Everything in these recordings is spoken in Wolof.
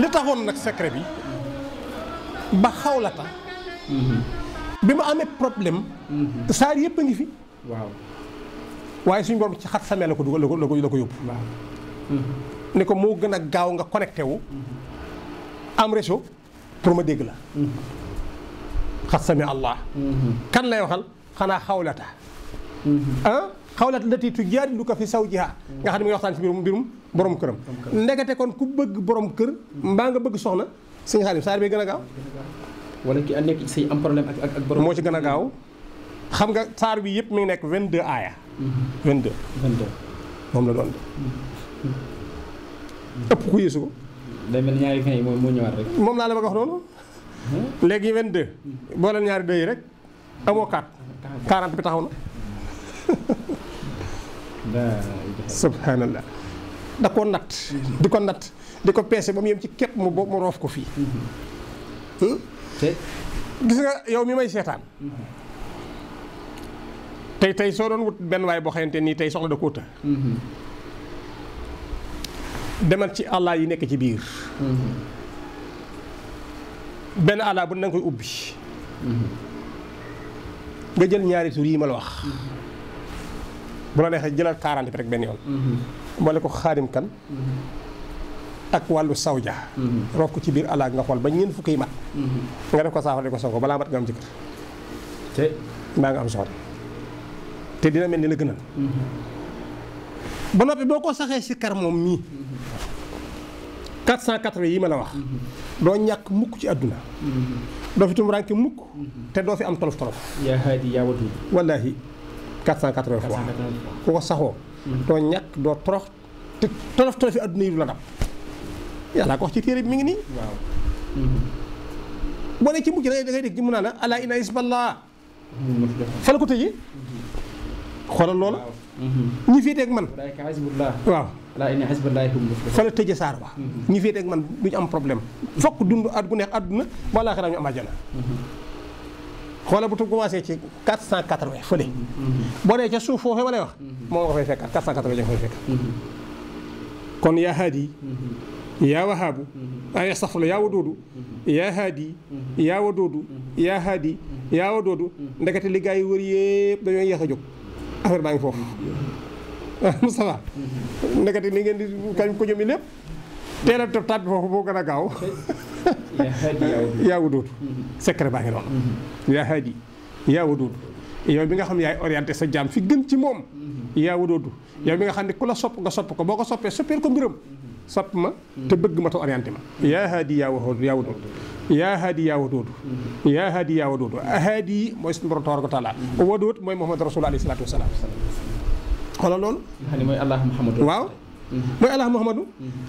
li taxoon nag secret bi ba xaw la mm-hmm. bi ma amee problème mm-hmm. saar yëpp a ngi fi waaw waaye suñu borom ci xat samee la ko dugal la ko la ko yóbbu mm-hmm. ni ko moo gën a gaaw nga connecté wu am réseau pour ma dégg la xat samee allah kan lay waxal xanaa xawlata ah xawlat lati tu ko fi zawjiha nga xam ne mi ngi waxtaan ci mbirum mbirum borom këram ndegete kon ku bëgg borom kër mbaa nga bëgg soxna sëñ Xaadim saar bi gën a gaaw wala ki nekk ci am problème ak ak borom moo ci gën a gaaw xam nga saar bi yëpp mi ngi nekk 22 aaya 22 22 moom la doon ku yéesu ko mel ñaari fin yi moom moo ñëwaat rek moom laa la bëgg wax noonu léegi 22 boo leen ñaari deux yi rek amoo 4 40 bi taxaw na subhanallah da koo natt di ko natt di ko peese ba mu yem ci képp mu bo mu roof ko fii mm-hmm. gis nga yow mi may seetaan mm-hmm. tey tey soo doon wut benn waay boo xamante nii tey soxla da koo të mm-hmm. demal ci àllaa yi nekk ci biir benn àllaa bu na nga koy ubbi nga jël ñaari tur yi ma la wax bu nexe jeulal 40 rek ben yoon. mo mhm. le ko khadim kan. Mhm. ak walu sawja. Mhm. roof ko ci bir ala nga xol ba ñeen fukki mat. nga def ko saxal ko sonko bala mat nga am jëkkër. te ma nga am soxna. te dina melni la gënal. ba noppi boo ko saxee kar mom mi 480 yi ma la wax. do ñak mukk ci aduna do fi tum rank mukk. te do fi am tolof tolof. ya hadi ya wadud wallahi 480 fois ku ko saxoo mm-hmm. doo ñàkk doo torox te torof torofi adduna yi la dab yàlla ko wax ci téere bi mi ngi nii mm-hmm. boo ne ci mujj da ngay dégg ji mu naa la ala ina isballah mm-hmm. fala ko tëjee xoolal loola ñi féeteeg man waaw fala tëjee saar ba ñi féeteeg man duñu am problème fokk dund at gu neex adduna ba ñu am àjjana xoolal bu tu commencé ci 480 fële. boo dee ca suuf foofee ma lay wax. moom nga fay fekkaat 480 nga fay fekk. kon yaa haadi. yaa wahaabu. ay safla yaa wadoodu. yaa haadi. yaa wadoodu. yaa haadi. yaa wadoodu. ndekete li yéex a jóg affaire baa ngi foofu. ah Moustapha. ndekete li ngeen di kañ ko jëmi lépp. boo gën a gaaw. Ya wudud secret baa ngi ya hadi ya wudud yow bi nga xam yaay orienter sa jam fi gën ci mom ya wudud yow bi nga xam ni kula sop nga sop ko boko sopé soppee ko mbirum sop ma te bëgg ma to orienter ma hadi ya yaa wuduud yaa wuduud yaa haadi yaa waduud yaa haadi yaa waduud haadi mooy suñu borom tabaraka taala moy muhammad rasulullah rasul alaihi salatu wasalaam xoolal hadi moy allah Muhammad, waw moy allah Muhammad,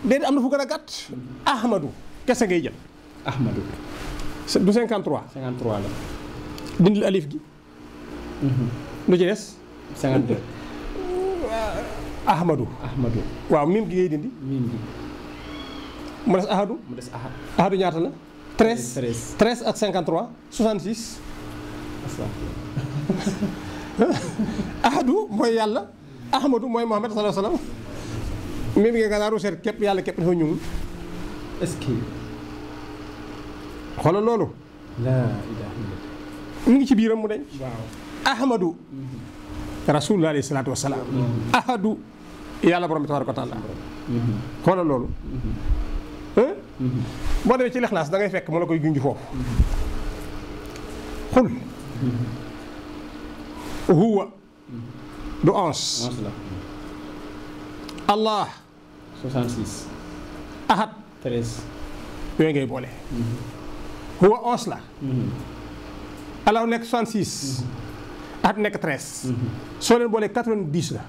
dede amna fu gëna gatt ahmadu kessé ngay jël ahmadou du 53 53 la dindil alif gi mhm. lu ci des 52 ahmadou ahmadou waaw mim gi ngay dindi mim gi mo dess ahadou mo dess ahad ahadou ñaata la 13 13 ak 53 66 ahadou moy yalla ahmadou moy mohammed sallallahu alaihi wasallam mim gi nga naa ruseer kep yalla kep dafa ñuul est loolu. mu ngi ci biiram mu deñ waaw Ahmadou. Mm-hmm. rasulullah alayhi salaatu wa salaam. Mm-hmm. Ahadu. yàlla borom bi tabaaraka wa taala. Mm-hmm. xoolal loolu. boo demee ci lixlaas da ngay fekk mu la koy junj foofu. xul. huwa. du onze. allah. ahad. 13 yooyu ngay boole mm-hmm. huwa onze la mm-hmm. alaw nekk soixante mm-hmm. at nekk 13 soo leen boolee quatre vingt dix la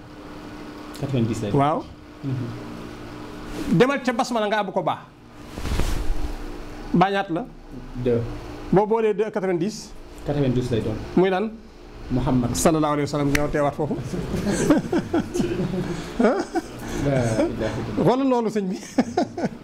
quatre waaw demal ca basmala nga abu ko baa bañaat la 2 boo boolee lay muy lan Muhammad sallallahu alaihi wasallam sallam téwat fofu foofu wala bi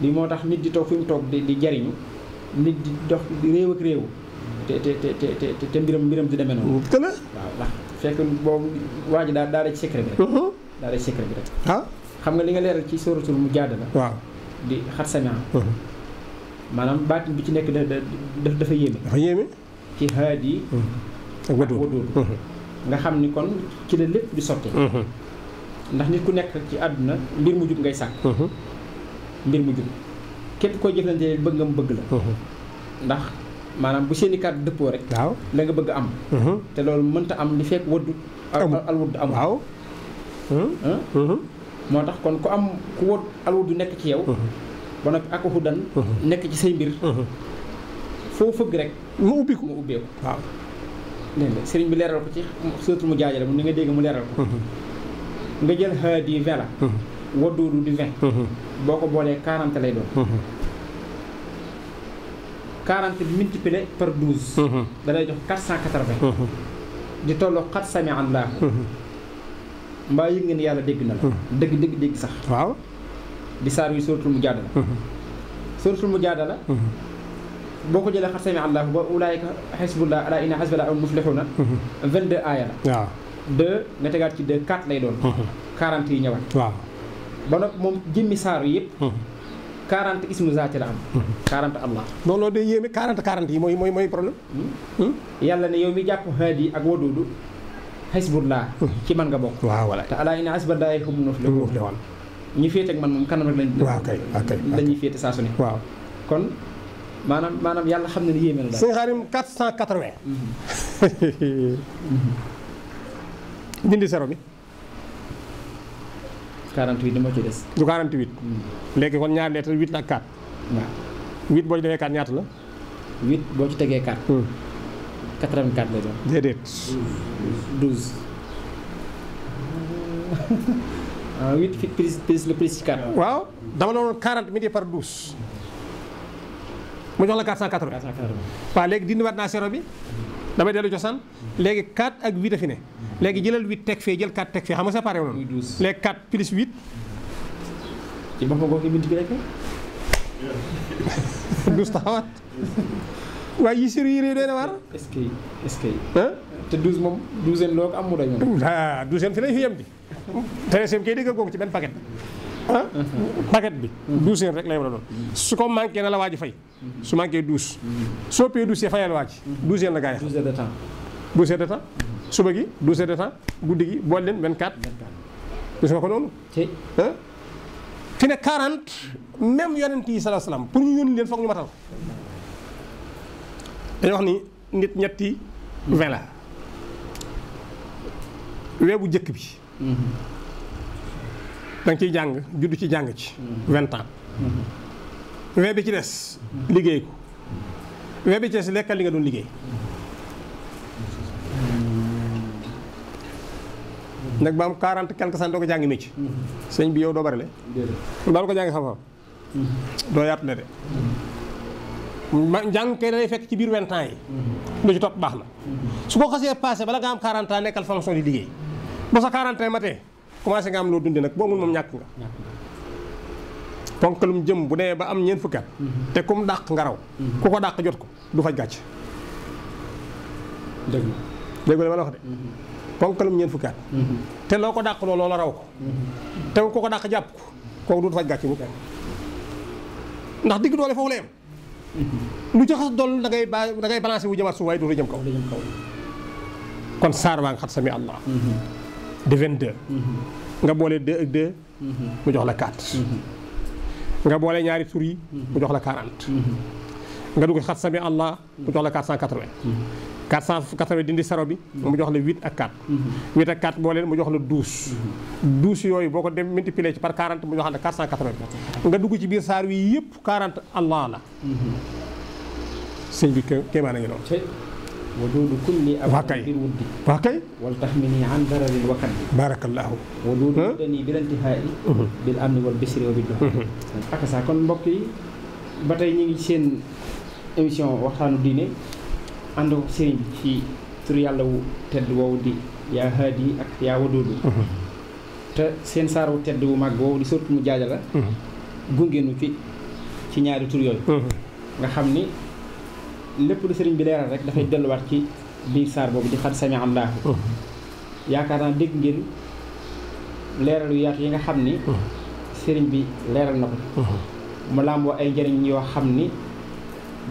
li moo tax nit di toog fi mu toog di di jariñu nit di dox réew ak réew te te te te mbiram mbiram di demee noonu. dëgg la waaw ndax fekk boobu waa ji daal daal ci secret bi rek. Uh-huh. daal di secret bi rek. ah xam nga li nga leeral ci sóoratul mu jaad la. di xat sami uh-huh. maanaam baatin bi ci nekk da da dafa yéeme. dafa yéeme. ci haad yi. Uh-huh. ak waduud nga xam ni kon ci la lépp di sottee. ndax nit ku nekk ci àdduna mbir mu jub ngay sàkk. mbir mu jub képp koo jëflante bëgg nga mu bëgg la mhm. ndax maanaam bu seeni kàddu dëppoo rek waaw la nga bëgg am mhm. te loolu mënta am li fekk waddu al waddu am waaw mhm. moo tax kon ku am ku wad al waddu nekk ci yow ba nag ak xudan nekk ci say mbir foo fëgg rek mu ubbiku mu ubbeeku waaw dégg sëriñ bi leeral ko ci surtout mu jaajale mu ni nga dégg mu leeral ko nga jël haadi vela waddoodu di 20. Mhm. boo ko boolee 40 lay doon. 40 mhm. multiplié par 12. Mhm. da lay jox 480. di tolloo xat sami allahu. mbaa yëg ngeen yàlla dégg na la. dëgg dëgg dégg sax. waaw. di saar yu suratul mujaadala. suratul mujaadala. boo ko jëlee xat sami allahu ba ulaayka xisbullah ala inna xisbullah al muflixuuna. 22 aaya la. waaw 2 nga tegaat ci 2 4 lay doon. 40 yi ñëwaat. waaw. ba nag moom jëmmi saar yëpp. 40 hmm. ismu zaati la am. 40 hmm. allah. non loolu day yéeme 40 40 yi mooy mooy mooy problème. Hmm. yàlla ne yow mi jàpp haadi ak wadudu xisbullah ci man nga bokk. waaw voilà te alaa inna xisballaahi humul muflihun ñi féete ak man moom kanam rek lañ. waaw ñuy féete saa su ne. waaw kon maanaam maanaam yàlla xam na ne yéeme na daal. sëñ Xaarim 480. dindi sero bi. 48 moo ci des. du 48. Mm. léegi kon ñaari lettre 8 ak 4. waaw boo ci defee 4 ñaata la. 8 boo ci tegee 4. 84 mm. lay doon. déedéet. 12. 8 ah, le plus 4. waaw dama la woon midi par 12. mu jox la 480. 480 waaw léegi dindiwaat naa zéro bi. damay dellu cosaan léegi 4 ak 8 a fi ne léegi jëlal 8 teg fee jël 4 teg fee xam nga séparé wu noonu léegi 4 plus 8. ci boppam kooku multiplié rek. 12 taxawaat waaye yi sérieux yi doy na waar. est-ce que est-ce que. te 12 moom 12 loo ko am mu doy moom. ah 12 fi lañ fi yem di. 13 kay dégg googu ci benn paquet. ah paquet bi douze heures rek lay mën a doon su ko manqué na la waaj fay su manqué douze soo payé douze fayal waaj douze heures la gaa yi douze heures de temps douze heures de temps suba gi douze heures de temps guddi gi boole leen vingt quatre gis nga ko noonu ah fi ne 40 même yonent yi salaa salaam pour ñu yónni leen foog ñu matal dañu wax ni nit ñetti vingt la weebu jëkk bi mhm. da nga ciy jàng judd ci jàng ci. vingt ans. we bi ci des. liggéey ko. we bi ci des lekkal li nga doon liggéey. nag ba am quarante quelque cent doo ko jàngi métier. sëñ bi yow doo bari le. daal ko jàngi xam-xam. doo yaatu le de. jàng kay day fekk ci biir vingt ans yi. lu ci topp baax na. su ko xasee passé bala nga am quarante ans nekkal fonction di liggéey. ba sa quarante ans matee. commencé nga am loo dundi nag boo mun moom ñàkk nga ponkalum jëm bu demee ba am ñeent fukkat mm-hmm. te kum dàq nga raw mm-hmm. ku ko dàq jot ko du faj gàcc dégg dégg ma la wax de mm-hmm. te loo ko dàq loo loola raw ko ko dàq jàpp ko kooku du faj gàcc bu kenn ndax digg doole foofu la yem lu ci xas dool da ngay da ngay balancé wu jëmaat suuf waaye du jëm kaw kon saar waa nga xat sami allah di 22. Mm-hmm. nga boole 2 ak 2. Mm-hmm. mu jox la 4. Mm-hmm. nga boole ñaari tur mu jox la 40. nga dugg xat sami allah mu jox la 480. 480 dindi saro bi. mu jox la 8 ak 4. 8 ak 4 boo mu jox la 12. 12 yooyu boo ko dem multiplier ci par 40 mu jox la 480. nga dugg ci biir saar wi yëpp 40 allah la. sëñ bi kéemaan a ngi noonu. ودود كل أبعاد بالود واقعي ولتحمني عن ضرر وكد بارك الله ودود ودني بالانتهاء بالأمن والبسر وبالدهر أكسا كون بوكي باتاي نيغي سين émission waxtaanu diine ànd ak sëriñ ci tur yàlla wu tedd woowu di yaa haadi ak yaa waduudu te seen saar wu tedd wu màgg woowu di surtout mu jaaja la ñaari nga lepp lu sëriñ bi leeral rek dafay wat ci bi sar bobu di xat sami am laahu oh. yaakaar naa dégg ngeen leeral yu yaat yi nga xamni ni oh. sëriñ bi leeral na oh. mu lambo ay njëriñ yo xamni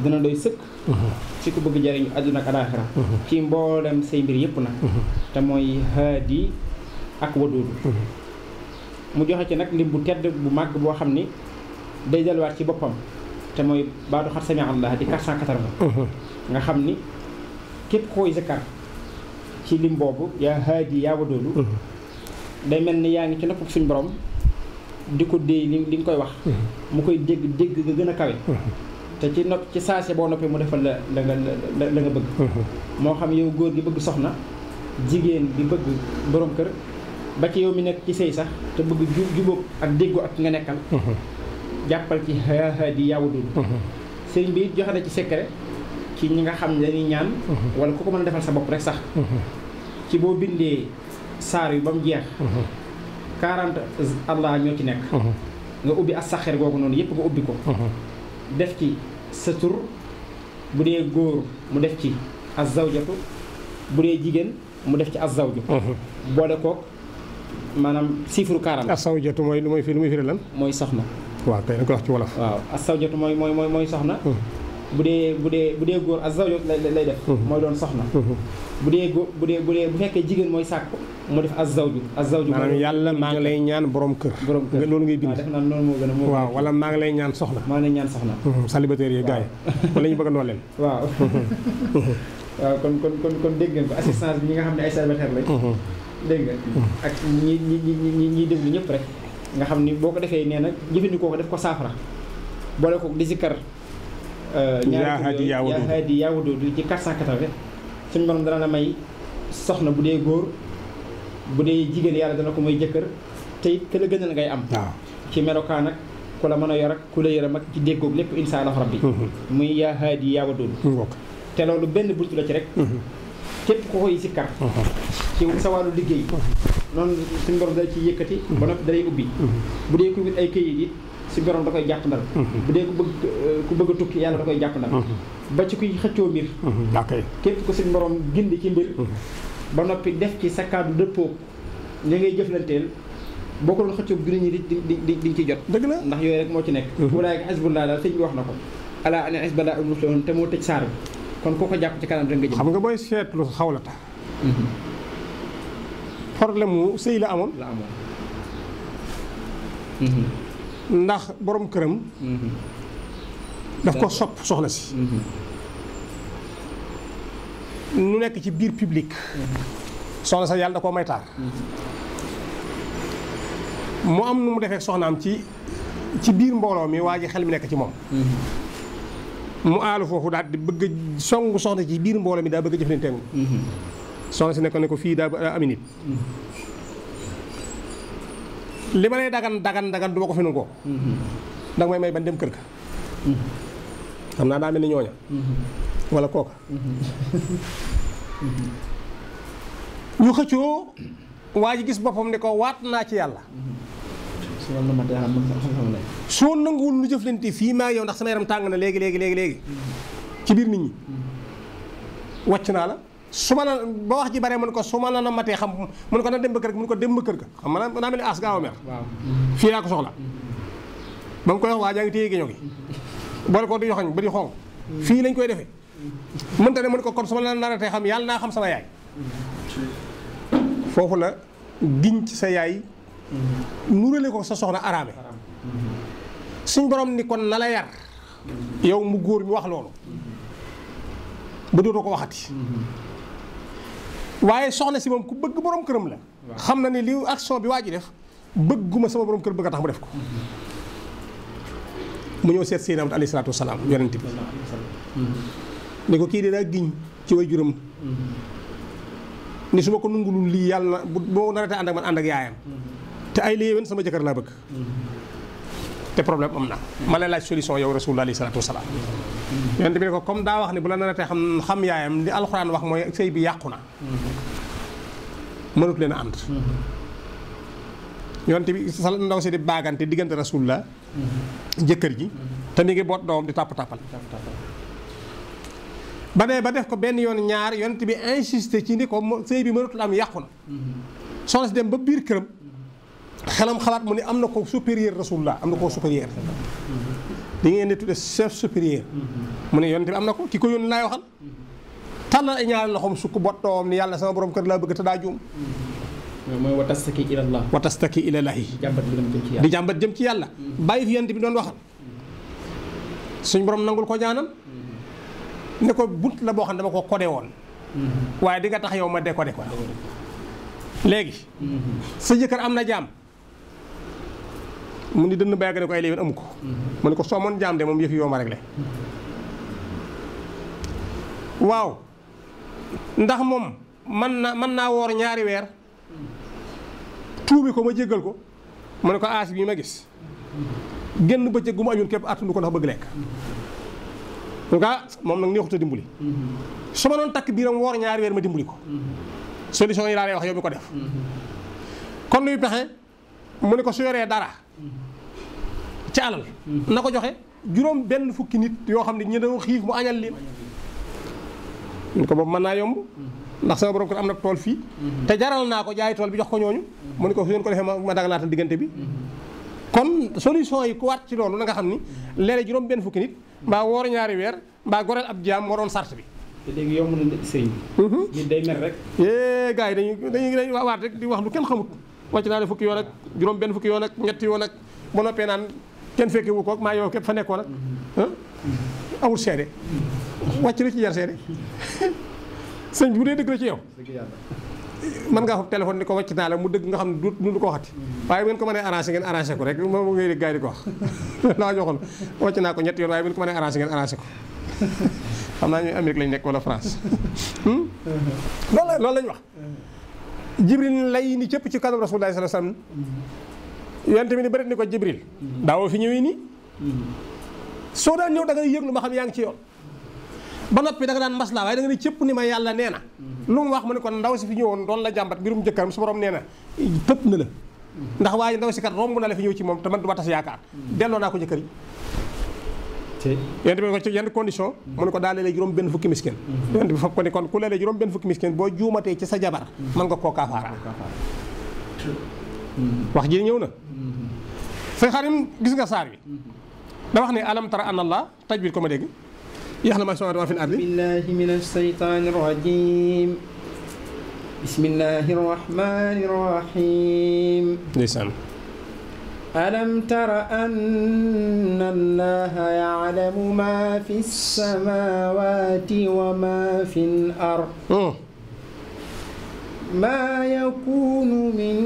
dina doy sëkk ci ko bëgg jëriñu aduna ak akhirah ci mbolam sey mbir yëpp nak ta moy hadi ak wadud mu joxe ci nag bu tedd bu mag bo xamni day delu wat ci bopam te moy baadu xat sami allah di 480 nga xamni kep koy zakar ci lim bobu ya hadi ya wadulu day melni ni ngi ci nopp suñ borom diko de déy li li koy wax mu koy deg deg nga gëna kawé te ci nopp ci saase bo noppé mu defal la la nga la nga bëgg mo xam yow goor gi bëgg soxna jigen bi bëgg borom kër ba ci yow mi nek ci sey sax te bëgg jubóog ak deggu ak nga nekkal jàppal ci haadi yawudul mhm. sëriñ bi it joxe na ci secret ci ñi nga xam ne dañuy ñaan mhm. wala ku ko mën a defal sa bopp rek sax mhm. ci boo bindee saar yi ba mu jeex 40 allah ñoo ci nekk nga ubbi as saxeer googu noonu yëpp nga ubbi ko def ci sa tur bu dee góor mu def ci as zawjatu bu dee jigéen mu def ci as zawju boole koog maanaam chiffre 40 as zawjatu mooy lu mooy fi lu muy firi lan mooy soxna waaw kay dañ ko wax ci wolof. waaw as-zawjatu mooy mooy mooy soxna. Hmm. bu dee bu dee bu dee góor az-zawjatu lay lay def. Hmm. mooy doon soxna. Hmm. bu dee góor bu dee bu dee bu fekkee jigéen mooy sàkku mu def az-zawju az-zawju. maanaam yàlla maa ngi lay ñaan borom kër. borom kër loolu ngay bind. waaw ah, def naa noonu moo gën a a. waaw wala maa ngi lay ñaan soxna. maa ngi lay ñaan soxna. célibataire yi gars yi. ñu bëgg a nooleel. waaw. waaw kon kon kon kon dégg ngeen ko assistance bi ñi nga xam ne ay célibataire lañ. dégg nga. ak ñi ñi ñi ñi ñi déglu ñëpp rek nga xam ni boo ko defee nee nag jëfandikoo ko def ko saafara boole ko di zikkar euh, yaa haadi yaa waduud yaa haadi yaa waduud ci 480 suñu borom dana la may soxna bu dee góor bu dee jigéen yàlla dana ko may jëkkër te it la ngay am ci melokaan ak ku la mën a yor ak ku la yërëm ak ci déggoog lépp insha allah rabbi mhm. muy yaa haadi mhm, te loolu benn bunt la ci rek mhm. képp ku koy sikkar ci sa wàllu liggéey noonu suñu borom dana ci yëkkati ba noppi danay ubbi bu dee ku wut ay këyit it suñu borom da koy jàpp ndal bu dee ku bëgg ku bëgg tukki yàlla da koy jàpp ndal ba ci kuy képp ko suñu borom gindi ci mbir ba noppi def ci sa kàddu dëppoo li ngay jëflanteel boo ko doon xëccoo bu di di di di ci jot dëgg la ndax yooyu rek moo ci nekk mhm. walaay xisbulaa daal sëñ bi wax na ko alaa ana xisbulaa al muflihun te moo tëj saar bi kon koo ko jàpp ci kanam rek nga jëm xam nga booy seetlu xawlata mhm. problème wu sëy la amone la amone hmm ndax borom kërëm hmm daf ko sopp ci hmm nu nekk ci biir public. soxla sa yàlla da ko may taar. mo am nu mu defé soxnaam ci ci biir mbolo mi waji xel mi nekk ci mom hmm mu alu fofu dal di bëgg songu soxna ci biir mbolo mi daa bëgg a hmm soxna ci nekkoon ne ko fi da aminit nit li ma lay dagan dagan dagan duma ko fi nangoo may may ban dem kër ga xam naa daa wala kooka ñu xëccu waji gis bopam ne ko wat na ci yalla so nangul lu jëflenti fi ma yow ndax sama yaram tang na legi legi legi legi ci bir nit ñi wàcc la su ma la ba wax ji bare mun ko su ma la na matee xam mun ko na dem ba kër ga mun ko dem ba kër ga xam nga naa mel ni as gaaw a mer fii laa ko soxla ba mu koy wax waa jaa ngi téye géño gi boole ko di yoxoñ ba di xonq fii lañ koy defe mënta ne mun ko kon su ma la nar xam yàlla xam sama yaay foofu la giñ ci sa yaay nurale ko sa soxna araame suñ borom ni kon na la yar yow mu góor mi wax loolu ba dootoo ko waxati waaye soxna si moom ku bëgg boroom këram la. xam na ne li ak action bi waa ji def bëgguma sama boroom kër bëgg a tax mu def ko. mu ñëw seet Seydina Muhammad alayhi salaatu wa salaam yonent bi ni ko kii de daa giñ ci way juram ni su ma ko nungulul lii yàlla na bu boo narate ànd ak man ànd ak yaayam te ay li yéwén sama jëkkër laa bëgg te problème amna na laj solution yow rasulullah alayhi salatu wasalaam yonent bi ko comme da wax ni bu la té xam xam yaayam di alcorane wax moy sey bi yakuna na mënut leen a ànd bi sal ndaw ci di baganté diggante rasoulallah jëkër ji té mi ngi bot doom di tap tapal ba né ba def ko ben yoon ñaar yent bi insister ci ni ko sey bi la am yakuna na dem ba bir kërëm xelam xalaat mu ne am na ko supérieur rasulullah am na ko supérieur di ngeen di tudde chef supérieur mu ne yonent bi am na ko ki ko yónni laay waxal tàllal ay ñaari loxoom sukk bottoom ni yàlla sama borom kër laa bëgg te daa juum mooy wa tastaki ilallah wa tastaki ilallahi di jàmbat jëm ci yàlla bàyyi fi yonent bi doon waxal suñ borom nangul ko ñaanam ne ko bunt la boo xam ne dama ko kode woon mm-hmm. waaye di nga tax yow ma de ko de ko léegi mm-hmm. sa jëkkër am na jaam mu ni dënd bayàgg ne ko ay léewén amu mu ne ko soo moon jaam de mom yef yoma rek le waw ndax mom man na man na wor ñaari wër tuubi ko ma jéggal ko mu ne ko as bi ma gis genn bëccëg gu mu añul képp attundu ko na bëgg lek en tout cas moom nag neexut a dimbali su ma doon biiram ñaari wër ma dimbali ko solution yi la lay wax yobiko def kon luy pexé mu ko su yoré dara ci alal na ko joxe juróom benn fukki nit yoo xam ne ñu dañoo xiif mu añal leen ñu ko boobu mën naa yomb ndax sama borom kër am na tool fii te jaral naa ko jaay tool bi jox ko ñooñu mu ne ko su ko defee ma dagalaatal diggante bi kon solution yi ku waat ci loolu na nga xam ni léeg-léeg juróom benn fukki nit mbaa woor ñaari weer mbaa goreel ab jaam moo doon sart bi te léegi yomb na sëñ bi. Mhm. nit day mer rek. Eh, gars yi dañuy dañuy waat rek di wax lu kenn xamut wàcc naa la fukki yoon ak juróom benn fukki yoon ak ñetti yoon ak ba noppee naan kenn fekke wu koog maa yow képp fa nekkoon ak awul ah, seede wàcc na ci yar seede sëñ bi bu dee dëgg la ci yow mën ngaa foog téléphone ni ko wàcc naa la mu dëgg nga xam ne du du ko waxati waaye ngeen ko mënee arrangé ngeen arrangé ko rek moom ngay dégg gars yi di ko wax laa joxoon wàcc naa ko ñetti yoon waaye ngeen ko mënee arrangé ngeen arrangé ko xam naa ñuy Amérique lañ nekk wala France hmm? loolu wax jibril lay ni cipp ci kanam rasulullah sallallahu alaihi wasallam yonte ni bëri ni ko jibril dawo fi ñewi ni so da ñew da nga yeglu ma xam yaang ci yoon ba noppi da nga dan masla way da nga ni cipp ni ma yalla neena lu mu wax mu ni kon ndaw si fi ñewon don la jambat birum jëkkam su borom neena tepp na la ndax way ndaw si kat rombu na la fi ñew ci mom te man du ma tas yaakaar delloo ko jëkkeri yonent bi ko ci yan condition mu ne ko daa léeg-léeg juróom benn fukki miskin yonent bi fab ko ne kon ji ñëw na say xarim gis nga saar bi da wax alam tara an allah taj bi ko ma dégg يعلم ما يسمعون في الأرض بالله من الشيطان الرجيم بسم الله الرحمن الرحيم لسان ألم تر أن الله يعلم ما في السماوات وما في الأرض ما يكون من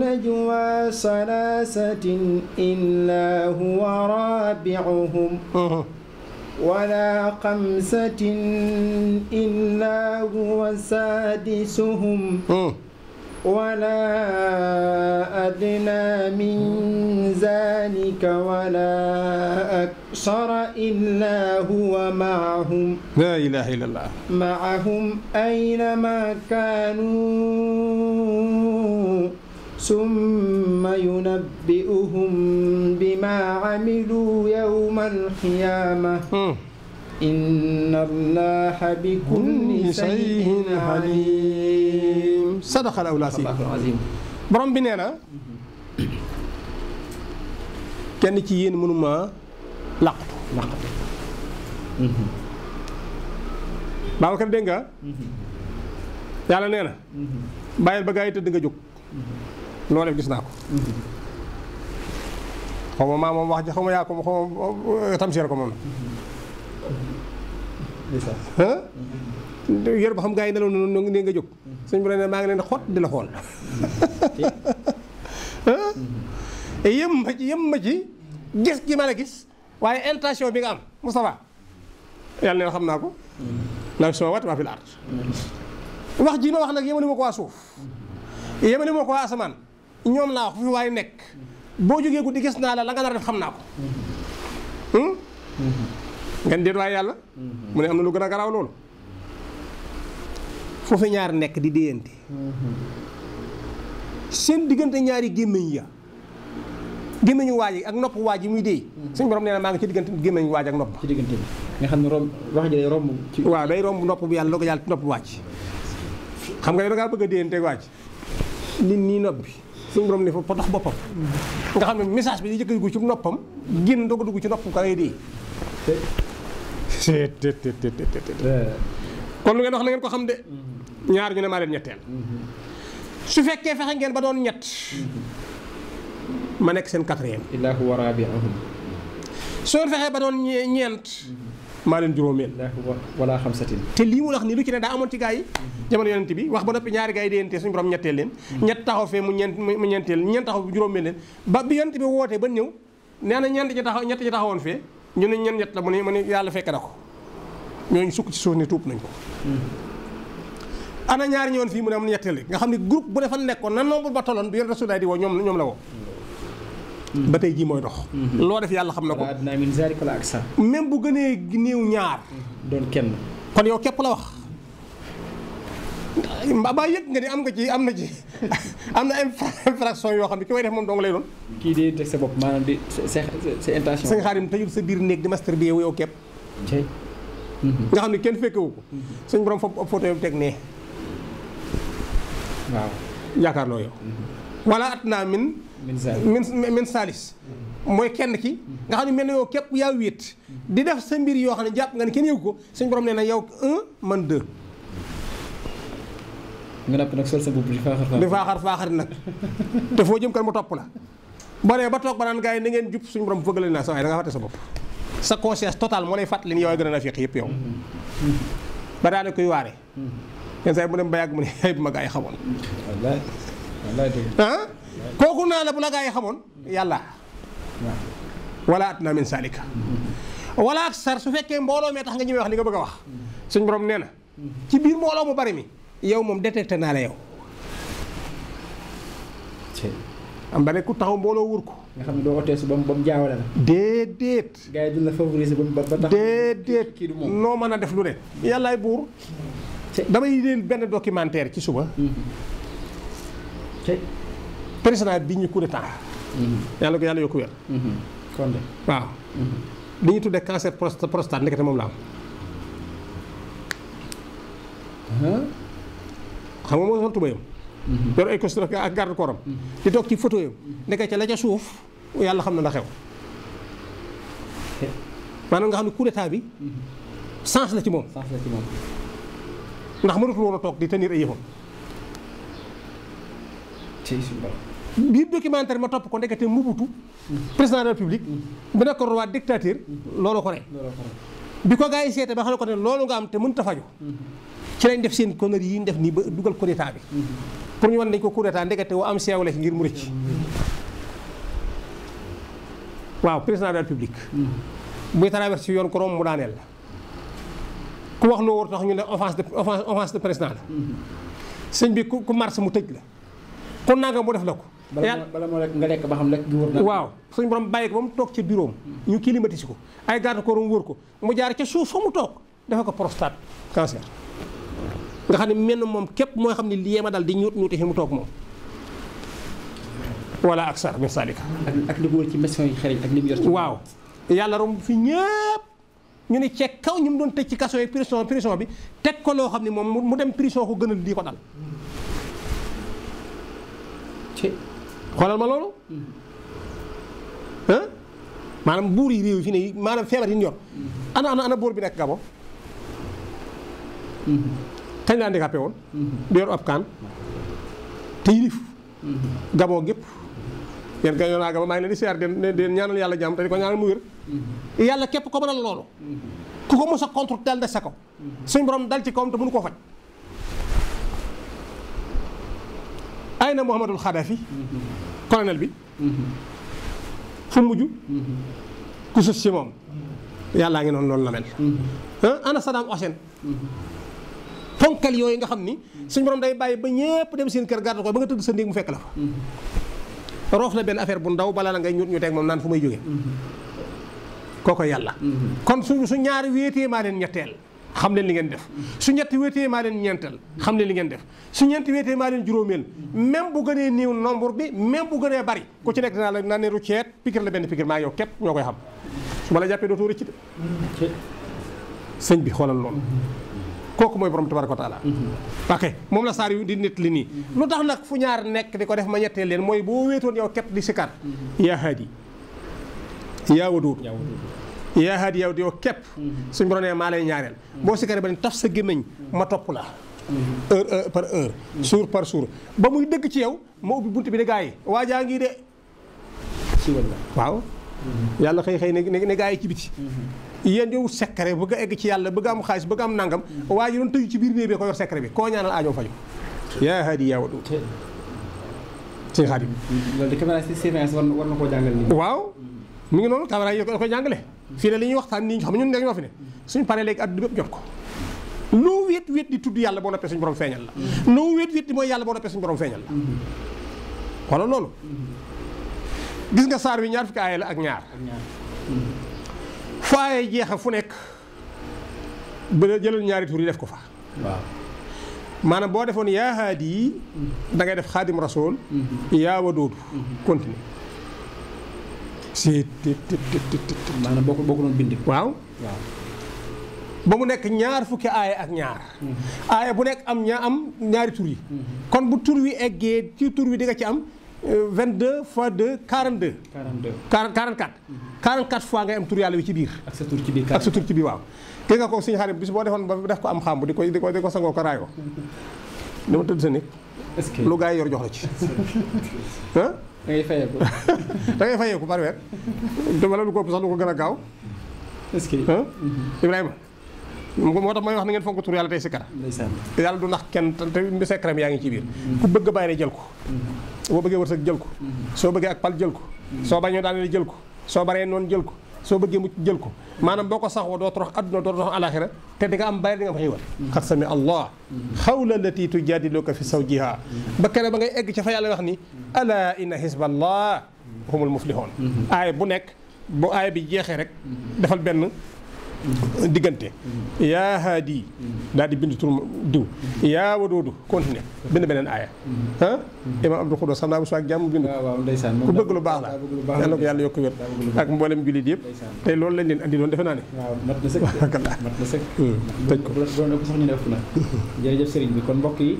نجوى ثلاثة إلا هو رابعهم ولا خمسة إلا هو سادسهم ولا أدنى من ذلك ولا أكثر إلا هو معهم لا إله إلا الله معهم أينما كانوا ثم ينبئهم بما عملوا يوم القيامة إن الله بكل شيء عليم صدق الأولاسي برام بنينا كان كيين من ما لقط لقط باو كان دنگا يالا نينا بايل بغايت دنگا جوك لولف غيسناكو خوما ما موم واخ جي خوما ياكو خوما تامسيركو مون ah yor ba xam gaa yi nelaw noonu noonu nee nga jóg suñu borom ne maa ngi leen xot di la xool ah eh, yëm ma ji yëm gis gi ma la gis waaye intention bi nga am Moustapha yàlla neen xam naa ko la sama wat maa fi la art wax jii ma wax nag yemale ma ko waa suuf yemale ma ko waa asamaan ñoom laa wax fu fi waaye nekk boo jógee guddi gis naa la la nga nar def xam naa ko ngeen déet waaye yàlla mm-hmm. mu ne am na lu gën a garaaw loolu foofu ñaar nekk di déyante mm-hmm. seen diggante ñaari gémmiñ ya gémmiñu waaj yi ak nopp waaj yi muy déy mm-hmm. suñ borom nee na maa ngi ci diggante gémmiñu waaj ak nopp ci nga xam ne romb wax ji day romb ci waaw day nopp bu yàlla loo ko yàlla nopp waaj xam nga da bëgg a déyante waaj nit ñi nopp bi suñu borom ne fa potox boppam nga xam ne message bi di jëkk dugg ci noppam génn doog a ci nopp ka kon lu ngeen wax ngeen ko xam de ñaar ñu ne maa leen ñetteel su fekkee fexe ngeen ba doon ñett ma nekk ahum. quatrième illahu wa rabi'ahum soo fexee ba doon ñeent maa leen Illahu wala xamsatin te lii mu wax ni lu ci ne daa amoon ci jamono bi wax ba noppi ñaari gaa yi suñu borom ñetteel leen ñett taxaw fee mu ñeent mu taxaw ba bi yonent bi ba ñi taxaw ñett ñi fe ñu ne ñen ñett la mu ne mu ne yàlla fekk na ko ñooñu sukk ci suuf ni tuub nañ ko. ana ñaari ñëwoon fii mu ne am ñetteel nga xam ne groupe bu defal nekkoon na nombre ba tolloon du yéen rasulaay di woo ñoom ñoom la woo. ba tey jii mooy dox. Mm-hmm. loo def yàlla xam na ko. même bu gënee néew ñaar. doon kenn. kon yow képp la wax. mbaa yëg nga ni am nga ci am na ci am na infraction yoo xam ne ki koy def moom dong lay doon. kii di teg sa bopp maanaam di sa sa intention. sa nga sa biir néeg di masturbé yow képp. nga xam ne kenn fekkewu ko. suñ borom foofu photo yow teg nee. waaw yaakaar loo yow. wala at naa min. min saalis mooy kenn ki. nga xam ne mel na yow képp yaa wéet. di def sa mbir yoo xam ne jàpp nga ne kenn yëgu ko suñ borom nee na yow un man deux. nga napp nag sol sa mbubb di faaxar faaxar di faaxar faaxar nag te foo jëm kan mu topp la ba ne ba toog ba naan gars yi ni ngeen jub suñu borom fëggale naa sa waaye da nga fàtte sa bopp sa conscience totale moo lay fàttali ni yow gën a nafiq yëpp yow ba daane koy waare yenn saa yi mu dem ba yàgg mu ne ay ma ah kooku la bu la gars yi xamoon wala na min salika wala ak sar su fekkee mbooloo mee tax nga ñëwee wax li nga bëgg a wax suñ borom ci biir mu bari mi yow moom détecté naa la yow. am ba ne ku taxaw mbooloo wër ko. nga xam ne doo ko teesu ba mu ba mu jaawale la. déedéet. gars yi duñ la favoriser ba ba tax. noo mën a def lu ne. yàllaay buur. damay leen benn documentaire ci suba. Mm-hmm. président bi ñu coup d'état. Mm-hmm. yàlla ko yàlla yokku wér. Mm-hmm. kon de waaw. li ñu tuddee cancer prostate prostate ndekete moom la am. xam nga moo sol tubayam mhm. yor ay ak garde corps mhm. di toog ci photo yam mhm. nekk ca la ca suuf yàlla xam na la xew maanaam nga xam ne coup d'état bi sens la ci moom ndax mënatul woon a toog di tenir ay yëfam biir documentaire ma topp ko ndekete Mobutu président de la république bi nekkoon waa dictateur loolu ko rey bi ko gaa yi seete ba xam ne ko ne loolu nga am te mënut a faju ci lañ def seen conneries yi ñu def nii ba dugal coup d'état bi pour ñu wan dañ ko coup d'état ndekete wa am seew la ci ngir mu rëcc waaw président de la république buy traversé yoon ko romb mu daaneel la ku wax loo war tax ñu ne offense de offense de président la sëñ bi ku mars mu tëj la kon nanga mu def la ko bala moo lekk nga lekk ba xam lekk gi wër na waaw suñu borom bàyyi ko ba mu toog ca bureau ñu climatisé ko ay garde corps mu wër ko mu jaar ca suuf fa mu toog dafa ko prostate cancer nga xam ne menn moom képp mooy xam ne lii ma dal di ñuut ñuute fi mu toog moom wala ak sar min ak li mu wër ci mission yi xereñ ak li mu waaw yàlla romb fi ñëpp ñu ne ci kaw ñu mu doon tëj ci kaso yi prison prison bi teg ko loo xam ne moom mu dem prison ko gënal lii ko dal xoolal ma loolu maanaam buur yi réew yi fi ne maanaam feebar yi ñu yor mm-hmm. ana ana ana bi nekk Gabon mm-hmm. kañ la handicapé woon. di yor ab te yilif gaboo gépp yéen gañoo naa gaba maa ngi leen di siyaar den den ñaanal yàlla jàmm te di ko ñaanal mu wér. yàlla képp ko mënal loolu. ku ko mos a contre ko. dal ci kawam te mënu koo faj. ay na Mouhamadul Khadafi. colonel bi. fu mujj. ku suuf si moom. yàllaa ngi noonu loolu la mel. ana Saddam Hussein. ponkal yooyu nga xam ni suñu borom day bàyyi ba ñëpp dem seen kër gàttal ko ba nga tëdd sa néeg mu fekk la fa roof la benn affaire bu ndaw balaa la ngay ñut ñu teg moom naan fu may jógee kooko yàlla kon su su ñaari wéetee maa leen ñetteel xam leen li ngeen def su ñetti wéetee ñeenteel xam leen li ngeen def su ñeenti wéetee maa leen juróomeel même bu gënee néew nombre bi même bu gënee bari ku ci nekk dinaa la naa ne rucceet pikir la benn pikir maa yow képp ñoo koy xam su ma la jàppee dootoo rëcc de bi xoolal loolu koku moy borom tabaraka wa taala ok mom la sar yu di nit li ni lutax nak fu ñaar nek diko def ma ñettel len moy bo wéetoon yow kep di sikar ya hadi ya waduud ya hadi yow yow kep suñ borom nee lay ñaarel bo sikaree ba taf sa gemeñ ma top la heure par heure jour par jour ba muy deug ci yow mo ubi buntu bi ne gaay yi ngi de ci wala waaw yalla xey xey ne gaay ci biti mm-hmm. yéen di wut secret bëgg a egg ci yàlla bëgg am xaalis bëgg am nangam waaye doon tëju ci biir néeg bi ko yor secret bi koo ñaanal aajoom faju yaa haadi loolu de caméra surveillance war koo jàngal waaw mu ngi noonu caméra ko da koy jàngale fii ne li ñuy waxtaan nii xam ne ñun nekk ñoo fi ne suñu paree léegi adduna bépp jot ko loo wéet wéet di tudd yàlla boo noppee suñu borom feeñal la mm-hmm. loo wéet wéet di mooy yàlla boo noppee suñu borom feeñal la wala mm-hmm. loolu mm-hmm. gis nga saar wi ñaar fukki aaya la ak ñaar faaye jeexa fu nekk ba jëlal ñaari tur yi def ko fa maanaam boo defoon yaa haadi dangay def xaadim rasool yaa wadoodu continue si ti ti maanaam boo ko boo ko doon bind waaw ba mu nekk ñaar fukki aaya ak ñaar mm-hmm. aaya bu nekk am ñaa am ñaari tur yi mm-hmm. kon bu tur wi eggee ci tur wi di nga ci am 22 fois 2 42. 42 44. 44 fois ngay am tur yàlla wi ci biir. ak sa tur ci biir ak sa tur ci biir waaw. kii nga ko suñu xarit bis boo defoon ba def ko am xàmb di ko di ko di ko sangoo ko raayoo. dama tëdd sa nekk. est-ce que lu gaa yi yor jox la ci. ah. da ngay fayeeku da ngay fayeeku par weer. te wala lu ko sax lu ko gën a gaaw. est-ce que mhm. Ibrahima. moo tax may wax na ngeen fonk tur yàlla tey si kara. yàlla du nax kenn te secret yaa ngi ci biir. Mhm. ku bëgg a bàyyi jël ko. Mhm. boo bëggee wërsëg jël ko soo bëggee ak pal jël ko soo bañoo daaneel jël ko soo baree noonu jël ko soo bëggee mucc jël ko maanaam boo ko saxoo doo torox adduna doo torox alaxira te di am bàyyi di nga am sami allah xawla lati tujadiluka fi sawjiha ba ba ngay egg ci fa yàlla wax ni ala inna hisballah humul muflihun aay bu nekk bu aay bi jeexee rek defal benn diggante yaa haadi daal di bind tur diw yaa wadoodu continuer bind beneen aaya ah imaam abdou xudo sax naa bu soo ak jàmm bind ku bëgg lu baax la yàlla ko yàlla yokk wér ak mboolem jullit yëpp tey loolu lañ leen andi doon defe naa ne mat na sëkk mat na sëkk hmm, tëj ko doon ëpp sax ñu ne ëpp na jërëjëf sëriñ bi kon mbokk yi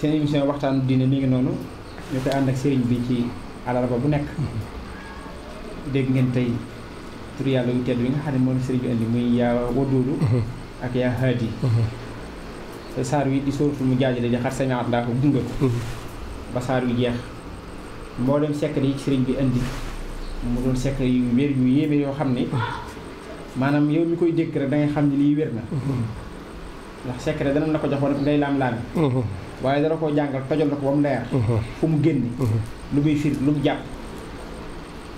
seen émission waxtaanu diine mi ngi noonu ñu koy ànd ak seriñ bi ci alarba bu nekk hmm. dégg ngeen tey tur yàlla yu tedd nga xam ne moom la sëriñ bi indi muy yaa waduudu mhm. ak yaa haadi mhm. saar wi di sóorutu mu jaajale di xar samiat ndaa ko gunge ko mhm. ba saar wi jeex mboolem secret yi sëriñ bi indi mu doon secret yu wér yu yéeme yoo xam ne maanaam yow mi koy dégg rek da ngay xam ne lii wér na ndax secret dana la ko jox wala ngay laam-laami waaye dara koo jàngal tojal na ko ba mu leer fu mu génne lu muy fir lu mu jàpp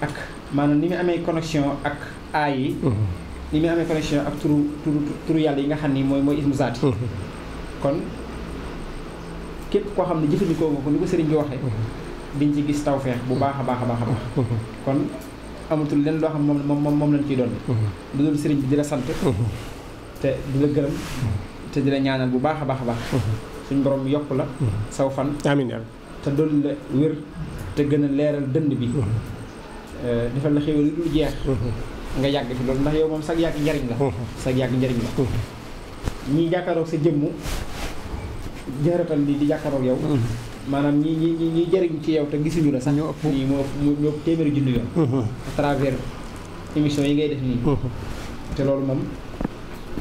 ak maanaam ni mu amee connexion ak aay yi mhm. ni mu amee connexion ak turu turu turu yàlla yi nga xam ni mooy mooy ismu zaati mhm. kon képp koo xam ne jëfandikoo nga ko ni ko sëriñ bi waxee mhm. diñ ci gis tawfeex bu baax a baax a baax a baax kon amatul lenn loo xam moom moom moom lañ ciy doon lu dul sëriñ bi di la sant te di la gërëm te dina la ñaanal bu baax a baax a baax suñ boroom yokk la saw fan amiin te doon la wér te gën a leeral dënd bi defal la xéwal du jeex nga yag fi loolu ndax yow mom sax yag njariñ la sax yag njariñ la ñi jàkkaaroog sa jëm jëratal di di jàkkaaroog yow manam ñi ñi ñi jariñ ci yow te gisuñu la sax ñoo ñi mo ñoo téméré junni yoon à travers émission yi ngay def ni te loolu mom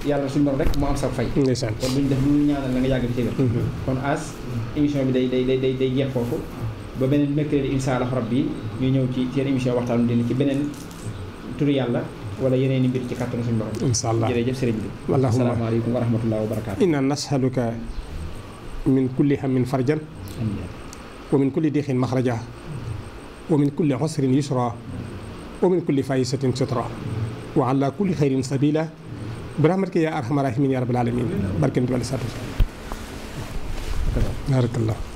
yalla suñu borom rek mo am sa fay kon buñ def ñu ñaanal la nga yag fi ci kon as émission bi day day day day jeex fofu ba beneen mercredi insha allah rabbi ñu ñëw ci seen émission waxtaanu diine ci beneen turu yàlla wala yeneen i mbir ci kàttanu suñu borom insha allah jërëjëf sëriñ bi asalaamaaleykum wa rahmatullahi wa barakaatu inna nashaluka min kulli hammin farjan wa min kulli dixin maxraja wa min kulli usrin yusra wa min kulli faayisatin sutra wa ala kulli xayrin sabila برحمتك يا ارحم الراحمين يا رب العالمين بارك الله بارك الله